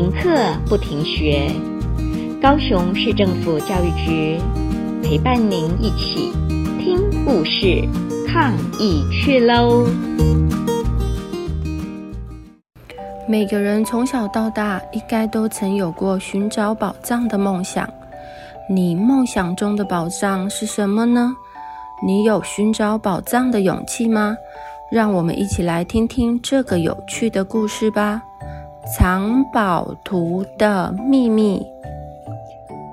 停課不停學，高雄市政府教育局陪伴您一起聽故事、抗疫趣嘍。每個人從小到大，應該都曾有過尋找寶藏的夢想。你夢想中的寶藏是什麼呢？你有尋找寶藏的勇氣嗎？讓我們一起來聽聽這個有趣的故事吧。藏寶圖的秘密，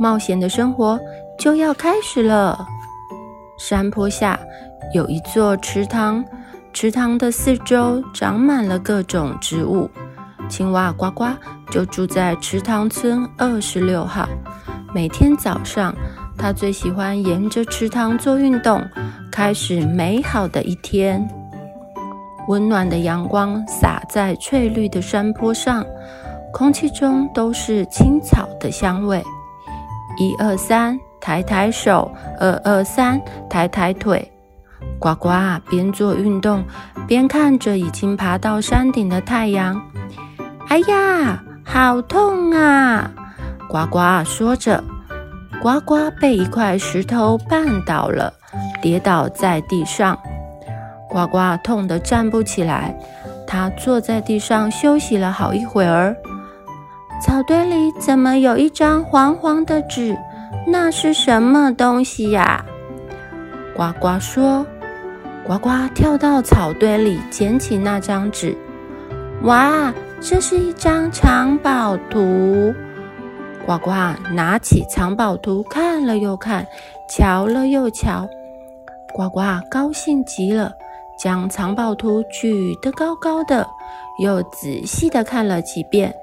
冒險的生活就要開始了。山坡下有一座池塘，池塘的四周長滿了各種植物。青蛙呱呱就住在池塘村二十六號。每天早上，他最喜歡沿着池塘做運動，開始美好的一天。溫暖的陽光灑。在翠綠的山坡上，空氣中都是青草的香味。一二三，抬抬手；二二三，抬抬腿。呱呱邊做運動邊看着已經爬到山頂的太陽。哎呀，好痛啊！呱呱說着，呱呱被一塊石頭絆倒了，跌倒在地上。呱呱痛得站不起來。他坐在地上休息了好一會兒。草堆裡怎麼有一張黃黃的紙？那是什麼東西呀、啊？呱呱說。呱呱跳到草堆裡，撿起那張紙。哇，這是一張藏寶圖！呱呱拿起藏寶圖看了又看，瞧了又瞧。呱呱高興極了。將藏寶圖舉得高高的，又仔細地看了幾遍。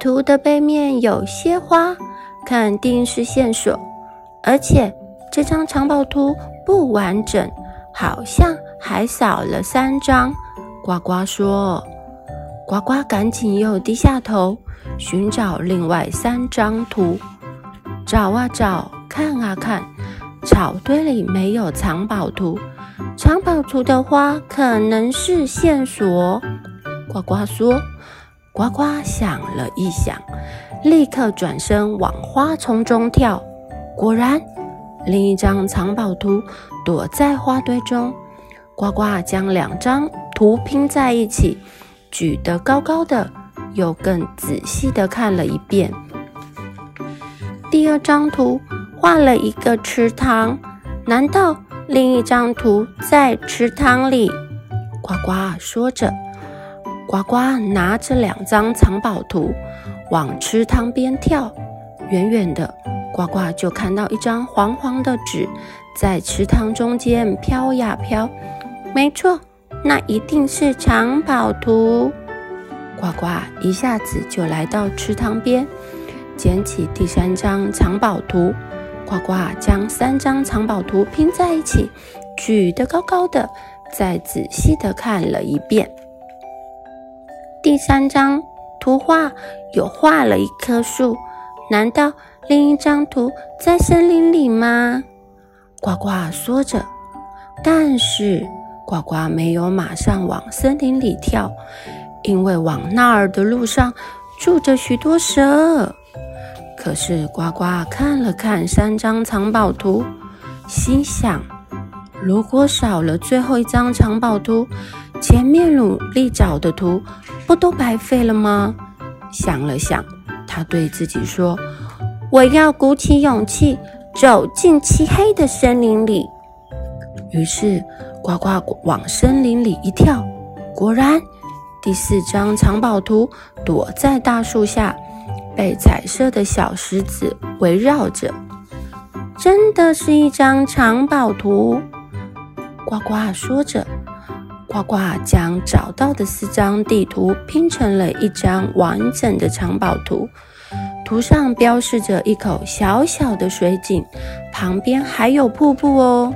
圖的背面有些花，肯定是線索。而且這張藏寶圖不完整，好像還少了三張。呱呱說。呱呱趕緊又低下頭尋找另外三張圖，找啊找，看啊看，草堆裡沒有藏寶圖。藏寶圖的花可能是線索，呱呱說。呱呱想了一想，立刻轉身往花叢中跳。果然，另一張藏寶圖躲在花堆中。呱呱將兩張圖拼在一起，舉得高高的，又更仔細地看了一遍。第二張圖畫了一個池塘，難道？另一張圖在池塘裡，呱呱說着。呱呱拿着兩張藏寶圖，往池塘邊跳。遠遠的，呱呱就看到一張黃黃的紙在池塘中間飄呀飄。沒錯，那一定是藏寶圖。呱呱一下子就來到池塘邊，撿起第三張藏寶圖。呱呱將三張藏寶圖拼在一起，舉得高高的，再仔細地看了一遍。第三張圖畫有畫了一棵樹，難道另一張圖在森林裡嗎？呱呱說着，但是呱呱沒有馬上往森林裡跳，因為往那兒的路上住着許多蛇。可是呱呱看了看三張藏寶圖，心想：如果少了最後一張藏寶圖，前面努力找的圖不都白費了嗎？想了想，他對自己說：“我要鼓起勇氣走進漆黑的森林裡。”於是呱呱往森林裡一跳，果然，第四張藏寶圖躲在大樹下。被彩色的小石子圍繞着，真的是一張藏寶圖。呱呱說着，呱呱將找到的四張地圖拼成了一張完整的藏寶圖，圖上標示着一口小小的水井，旁邊還有瀑布哦。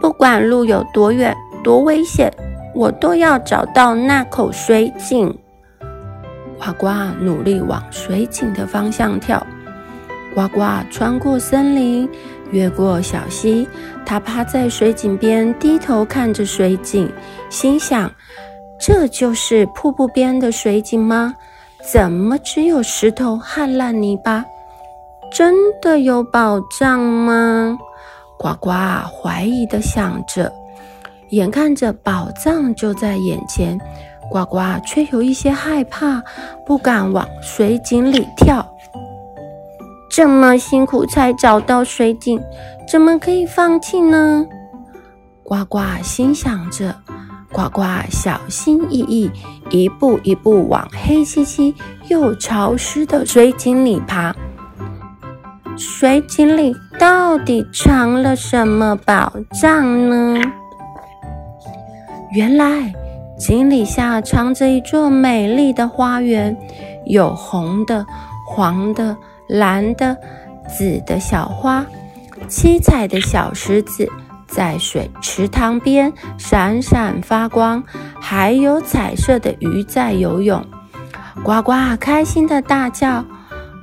不管路有多遠、多危險，我都要找到那口水井。呱呱努力往水井的方向跳。呱呱穿過森林，越過小溪。它趴在水井邊，低頭看着水井，心想：“這就是瀑布邊的水井嗎？怎麼只有石頭和爛泥巴？真的有寶藏嗎？”呱呱懷疑地想着。眼看着寶藏就在眼前。呱呱卻有一些害怕，不敢往水井裡跳。這麼辛苦才找到水井，怎麼可以放棄呢？呱呱心想着，呱呱小心翼翼，一步一步往黑漆漆又潮濕的水井裡爬。水井裡到底藏了什麼寶藏呢？原來，井裡下藏着一座美麗的花園，有紅的、黃的、藍的、紫的小花，七彩的小石子在水池塘邊閃閃發光，還有彩色的魚在游泳。呱呱開心的大叫：“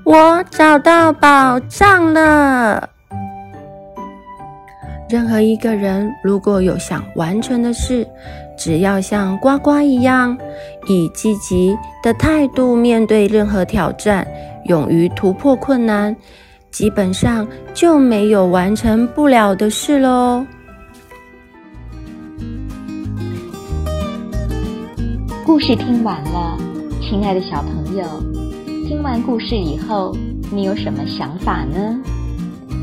我找到寶藏了！”任何一個人，如果有想完成的事，只要像呱呱一樣，以積極的態度面對任何挑戰，勇於突破困難，基本上就沒有完成不了的事嘍。故事聽完了，親愛的小朋友，聽完故事以後，你有什麼想法呢？